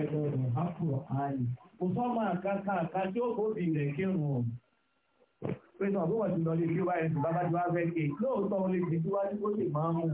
ẹ̀rọ rẹ̀ bá kúrò ààyè kò sọ máa káka àká tí ó kó bì rẹ̀ kírun ọ̀ pẹ̀lú àbúrò ti lọ lé bí wáyé tó bábá ti wá fẹ́ ké lóòótọ́ ó lè ti síwájú ó lè máa mú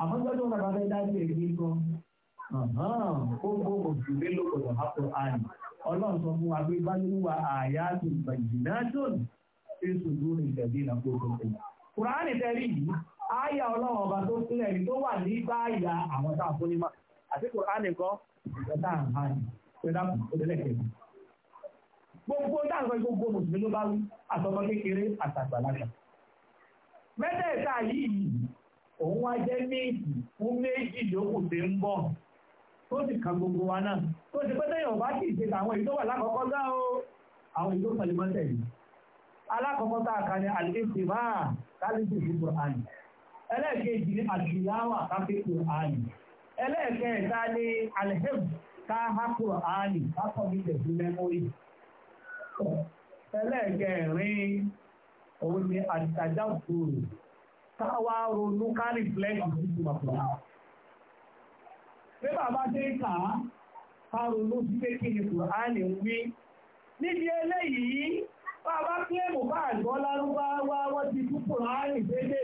àmọ́ tọ́jú ọ̀nà bá fẹ́ dá sí èmi gan gbogbo mùsùlùmí ló kọ̀dọ̀ bá kúrò ààyè ọlọ́run sọ fún wa pé báyìíwá àyà tó ìbàjìnà tó ní èso lórí ìtẹ̀bí ìlànà Kùránì tẹ́lẹ̀ yìí, áyà ọlọ́run ọba tó sílẹ̀ àti kòránì kan ìjọta àmì pẹ̀lú òdẹ́lẹ̀kẹ̀. Gbogbo dáàbọ̀ gbogbo mùsùlùmí ló bá wí àtọmọ kékeré àtàgbàlagbà. Mẹ́tẹ̀ẹ̀ta yìí òun wá jẹ́ méjì fún méjì yòókù tí ń bọ̀ tó sì kan gbogbo wa náà tó ti pẹ́tẹ́ yóò bá sì ṣe àwọn èyí tó wà lákọ̀ọ́kọ́ gá o àwọn èyí tó pẹ̀lú mọ́tẹ̀ yìí. Alákọ̀ọ́kọ́ tá a kà ní àlùfíìsì máa kálífì fún Kùránì. Ẹlẹ́ẹ̀kejì ní àṣìláwà káfíńkù Kùránì. ẹlẹ́ẹ̀kẹta ni alhem ní ìdẹ̀sí mẹ́mórì ẹlẹ́ẹ̀kẹrin òun ni àtàjà òkúrò káwá ronú kárì flẹ́ẹ̀kì sí ìgbà pọ̀ bí bàbá ṣe ń kà á ká ronú sí pé kí ni kùránì wí níbi eléyìí bá àgbọ́ lárúbáwá wọ́n ti dédé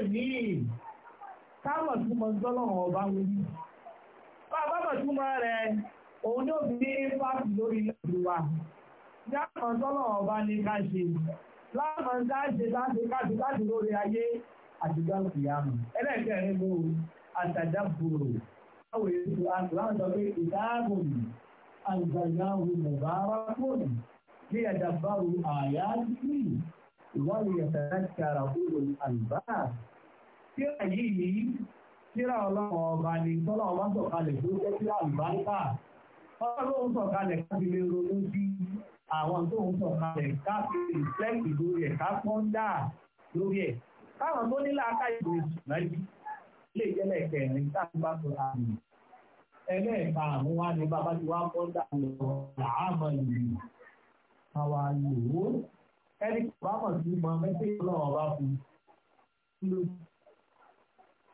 bábọ̀ túmọ̀ rẹ̀ òun yóò fi impact lórí ìlú wa ní ọba ní ká ṣe láàmọ̀ ṣe láti káṣe láti lórí ayé àtijọ́ ìyàmù ẹlẹ́ẹ̀kẹ́rin mú àtàdàbòrò láwọn èso àtúráńsọ pé ìdáàbò mi àgbàyàwó ìwádìí àlùbáà kíra ọlọ́run ọba ni tọ́lá ọba sọ̀kalẹ̀ tó jẹ́ kíra àlùbáríkà ọlọ́run sọ̀kalẹ̀ káfí lè ronú sí àwọn tó ń sọ̀kalẹ̀ káfí lè fẹ́ẹ̀kì lórí ẹ̀ ká pọ́n dà lórí ẹ̀ káwọn tó nílà aká ìlú ìsúnájú lè jẹ́lẹ̀ kẹrin táwọn bá sọ àmì ẹlẹ́ẹ̀ka àwọn wa ni bàbá ti wá pọ́n dà lọ làámọ̀ ìlú àwa lò ó ẹni kò bá mọ̀ sí mọ́ mẹ́tẹ́ ọlọ́run ọba fún un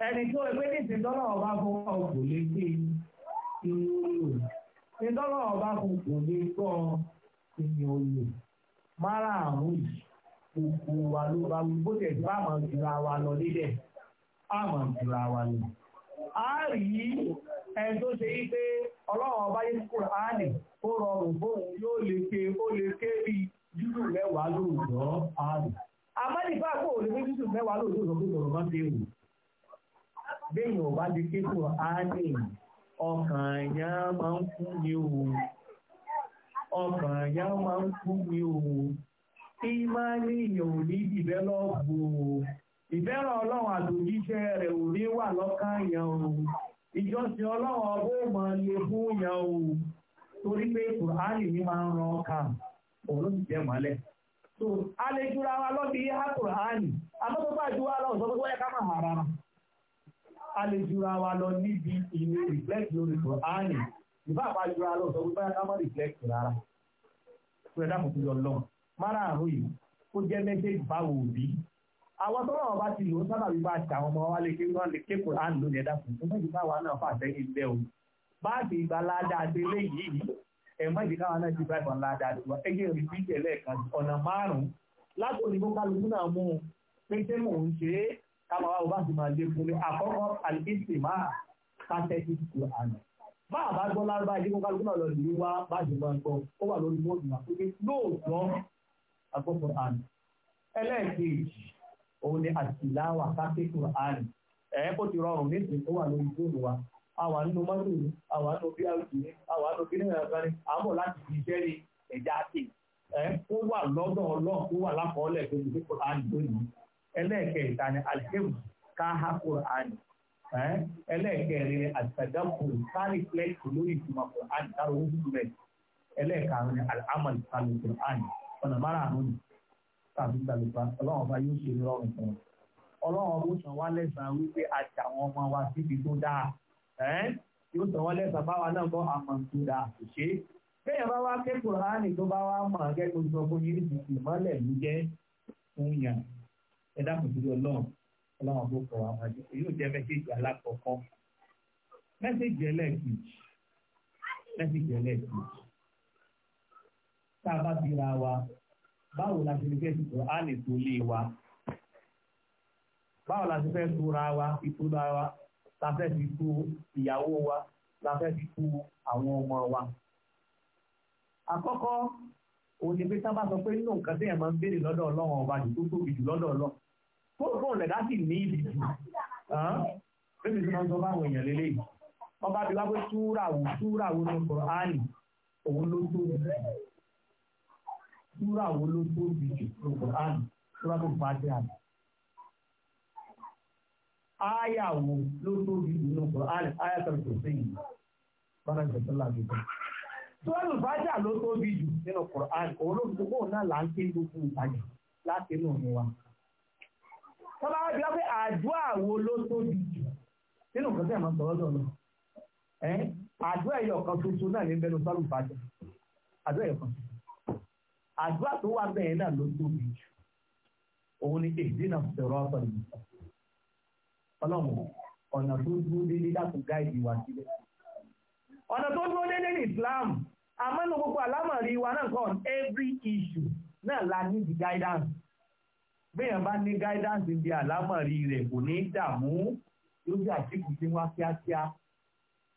ẹni tó ẹgbẹ́ ní ìsìndọ́nà ọba fún ọkùn lè gbé ìyẹn olè ìsìndọ́nà ọba fún kò lè gbọ́ ìyẹn olè mara àrùn yìí gbogbo wa ló bá wí bó tẹ̀sí bá àmọ̀ ìjìlá wa lọ nílẹ̀ àmọ̀ ìjìlá wa lọ. a rí ẹni tó ṣe yí pé ọlọ́run ọba yé kúrò áàlì ó rọrùn bóun yóò lè ké ó lè ké bí júlù mẹ́wàá lóòjọ́ áàlì. àmọ́ nípa kó lè fi júlù mẹ́wàá lóòjọ́ sọ pé sọ̀rọ̀ máa ń dé wò. bá lè ké Kùránì ọkàn yẹn máa ń kú ní òwò ọkàn ní òwò kí ní ìyẹ̀wò ní ìdìbẹ́lọ́ọ̀bù ìbẹ́rẹ̀ ọlọ́run àtòjíṣẹ́ rẹ̀ ò ní wà lọ́kàn yẹn ìjọsìn ọlọ́run ọgbó mọ̀ lè fún torí ń ran òun ti jẹ́ wa bá a lè jura wa lọ níbi ìwé reflect lórí Kùránì ìfá àpá jura lọ sọ wípé ká má reflect rárá pẹ̀lú ẹ̀dá kòkòrò ọlọ́run mara àrùn yìí ó jẹ́ mẹ́sẹ̀gì báwo òbí àwọn tó náà bá ti lò ó sábà bí bá ti àwọn ọmọ wa lè ké wọn lè ké Kùránì lónìí ẹ̀dá kòkòrò mẹ́jì káwa náà fà sẹ́yìn bẹ́ o bá ti gba ládàá dé léyìí ẹ̀mọ́ ìdí káwa náà ti bá ìbọn ládàá tiwa ẹgbẹ́ rí bí ìtẹ̀lẹ́ kan ọ̀nà márùn-ún lákòó ni kó kálukú náà mú un pé ṣé mò ń ṣe é káwọn àwọn bá sì máa lé fún mi àkọ́kọ́ àlìkísì máa pàtẹ́kì kù àná. bá a bá gbọ́ lárúbá ilé kókó alùpùpù náà lọ lè wá bá a sì máa gbọ́ ó wà lórí bóòdù wa pé lóòótọ́ agbọ́kọ̀ àná. ẹlẹ́ẹ̀kejì òun ni àtìláwà pàtẹ́kì àná ẹ̀ kó ti rọrùn nísìnyí ó wà lórí bóòdù wa àwa nínú mọ́tò ni àwa nínú brt ni àwa nínú kíníkà kan ni à ń bọ̀ láti fi iṣẹ́ ni ẹ̀já àti ẹ̀ kó wà lọ́dọ̀ ọlọ́ọ̀ kó wà lápọ̀ọ́lẹ̀ tó ti fi kọ́ àná ẹlẹ́ẹ̀kẹta ni alhim káhá quran ẹlẹ́ẹ̀kẹrin àtàdàpọ̀ kárìflẹ́tì lórí ìtumọ̀ quran táwọn ohun tó rẹ̀ ẹlẹ́ẹ̀karùn ni alhamal kálù quran ọ̀nà mara àánú ni tàbí gbàlùbá ọlọ́run ọba yóò ṣe lọ́rùn fún ọ ọlọ́run ọba ó sàn wá lẹ́sàn-án wípé àjà àwọn ọmọ wa síbi tó dáa yóò sàn wá lẹ́sàn-án báwa náà bọ́ àmọ́ tó dáa kò ṣe é bẹ́ẹ̀ bá wá kẹ́kọ̀ọ́ ránì tó bá wá mọ̀ kẹ́kọ̀ọ́ sọ fún yín ìmọ̀lẹ̀ ló jẹ́ fún yàn ẹ dákun sí ọlọ́run ọlọ́run tó kọ̀ àwọn àjọ yóò jẹ́ mẹ́sẹ̀jì alákọ̀ọ́kọ́ mẹ́sẹ̀jì ẹlẹ́ẹ̀kejì mẹ́sẹ̀jì ẹlẹ́ẹ̀kejì tá a bá bíra wa báwo la ṣe lè fẹ́ sọ̀rọ̀ á lè tó lé wa báwo la ṣe fẹ́ tóra wa ìtura wa la fẹ́ fi tó ìyàwó wa la fẹ́ fi tó àwọn ọmọ wa. àkọ́kọ́ òun pé sábà sọ pé nínú nǹkan tí ẹ̀ máa ń béèrè lọ́dọ̀ ọlọ́run ọba jù tó tóbi jù lọ́dọ̀ ọlọ́run fóònù rẹ̀ dájú ní ìdí bébí tí wọ́n sọ báwọn èèyàn lélẹ̀ wọ́n bá bí wá pé túràwò túràwò ní kòránì òun ló tóbi túràwò ló tóbi jù ní kòránì túràwò fàájì àná áyàwó ló tóbi jù ní kòránì áyàtọ̀ tó sí yìí bọ́lá ìṣẹ̀tọ́ làbí bọ́ túràwò fàájì ló tóbi jù nínú kòránì òun ló gbogbo náà là ń ké gbogbo ìbàjẹ́ láti inú òun wa tọ́lá wá bí wá pé àdúrà wo ló tóbi jù nínú nǹkan tẹ́ ẹ̀ máa sọ̀rọ̀ lọ́nà ẹ̀ àdúrà ẹ̀yọ̀ kan tuntun náà ní bẹnu sọ́lù fàájà àdúrà ẹ̀yọ̀ kan àdúrà tó wà bẹ́ẹ̀ náà ló tóbi jù òun ni èdè náà sọ̀rọ̀ ọ̀sọ̀ nìyí ọlọ́run ọ̀nà tó dúró délé dákun gáìdì wá sílẹ̀ ọ̀nà tó dúró délé ní Islam àmọ́ nínú gbogbo àlámọ̀rí wa náà kọ́ every issue náà la need guidance béèyàn bá ní guidance bí àlámọ̀rí rẹ̀ kò ní dààmú lójú àtìkù tí wá kíákíá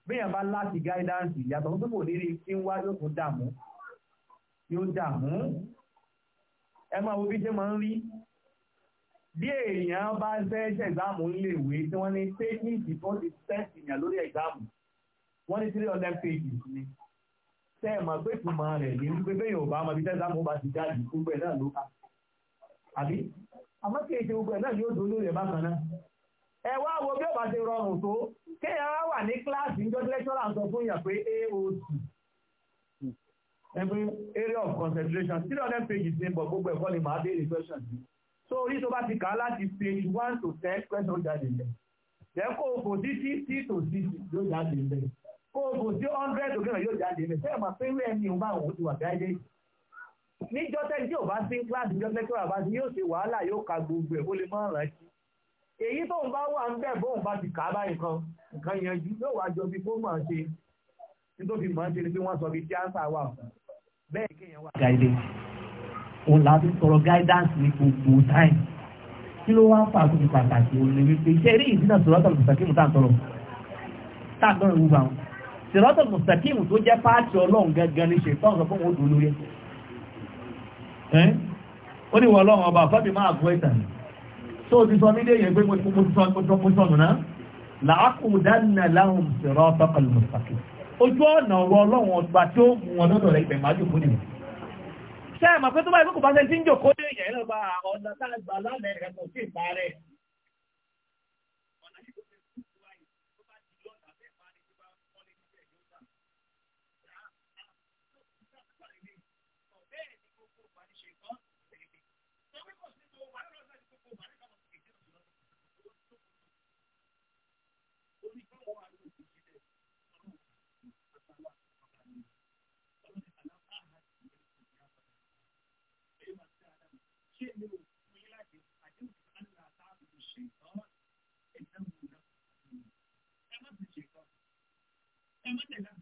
béèyàn bá láti guidance yàtọ̀ tó kò ní rí tí wá yóò tún dààmú yóò dààmú ẹ máa wo bí ṣe máa ń rí bí èèyàn bá fẹ́ ṣe ẹ̀gbáàmù níléèwé tí wọ́n ní tékníìkì tó ti tẹ́sì yàn lórí ẹ̀gbáàmù wọ́n ní three hundred pages ni tẹ́ ẹ̀ mọ̀ pé ìtumọ̀ rẹ̀ ní wípé béèyàn ò bá mọ̀ bí tẹ́sàmù bá ti jáde gbogbo ẹ̀ náà ló kà àbí àmọ́ kí èsì gbogbo ẹ̀ náà yóò dúró lórí ẹ̀ bákan náà ẹ wá wo bí ọba ti rọrùn tó kéèyàn wá wà ní kíláàsì níjọ́ lẹ́kítọ́rà sọ fún yàn pé aoc every area of concentration three hundred pages ní bọ̀ gbogbo ẹ̀kọ́ ni màá béèrè question sí so orí tó bá ti kà á láti page one to ten question jáde lẹ̀ jẹ́ kó o kò sí fifty to sixty yóò jáde lẹ̀ kó o kò sí hundred to kí yóò jáde lẹ̀ sẹ́yìn máa pé wíwẹ́ ni òun bá òun ti wà gáyé níjọ́ tẹ́lẹ̀ tí ò bá sí kíláàsì níjọ́ tẹ́lẹ̀ tí ò bá sí yóò ṣe wàhálà yóò ka gbogbo ẹ̀ kó lè máa rántí èyí tóun bá wà ń bẹ̀ bóun bá ti kà á báyìí kan nǹkan yanjú yóò wá jọ bí kó máa ṣe nítorí máa ṣe ni pé wọ́n sọ bí tí wà fún bẹ́ẹ̀ kéèyàn wà. gàìlè òun là á fi sọ̀rọ̀ guidance ní gbogbo time kí ló wá ń fà fún mi pàtàkì òun lè wípé iṣẹ́ eré ìdínà sọ̀rọ̀tọ̀ mùsàkímù tá à ń tọrọ tá à ń tọrọ ìwúba wọn sọ̀rọ̀tọ̀ mùsàkímù tó jẹ́ páàtì ọlọ́run gangan ní ṣe ó ní wọ́n lọ́wọ́ ọba fẹ́mi máa kú ẹ̀tà tó ti sọ nílé yẹn pé mo ti sọnù náà làákùdánà láhùn sọ̀rọ̀ tọkọlù mùsàkì ojú ọ̀nà ọ̀rọ̀ ọlọ́run ọgbà tí ó mú wọn lọ́dọ̀ rẹ̀ ìpẹ̀ máa jòkó nìyẹn ṣe é mà pé tó bá yẹ kó bá ṣe ti ń jòkó ní ìyẹn lọ́ba ọ̀nà tá lálẹ́ rẹ̀ sí ìparẹ́ ಏನೇನು madam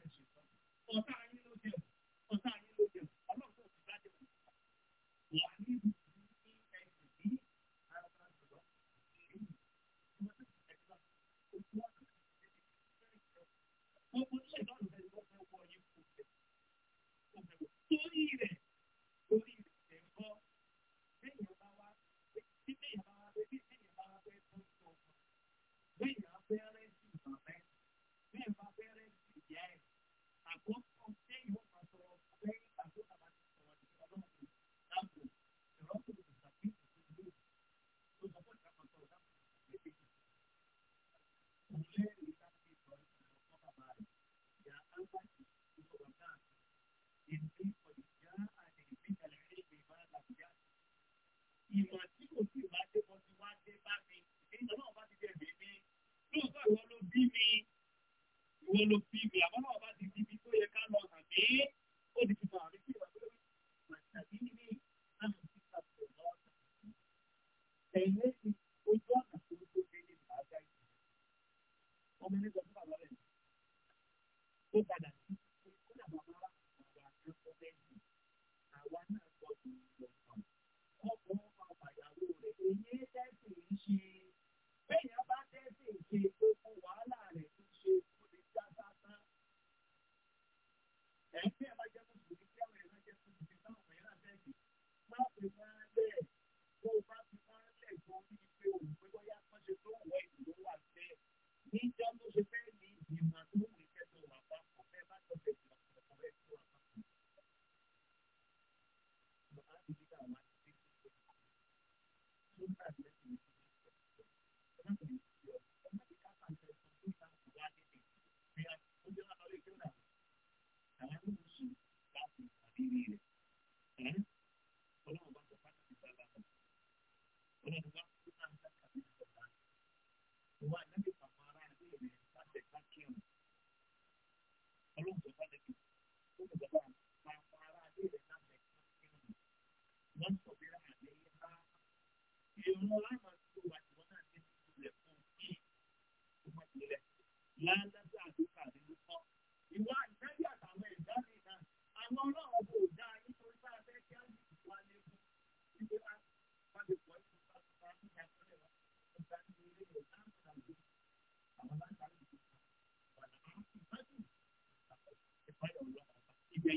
ìrún láìmọ̀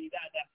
tó wà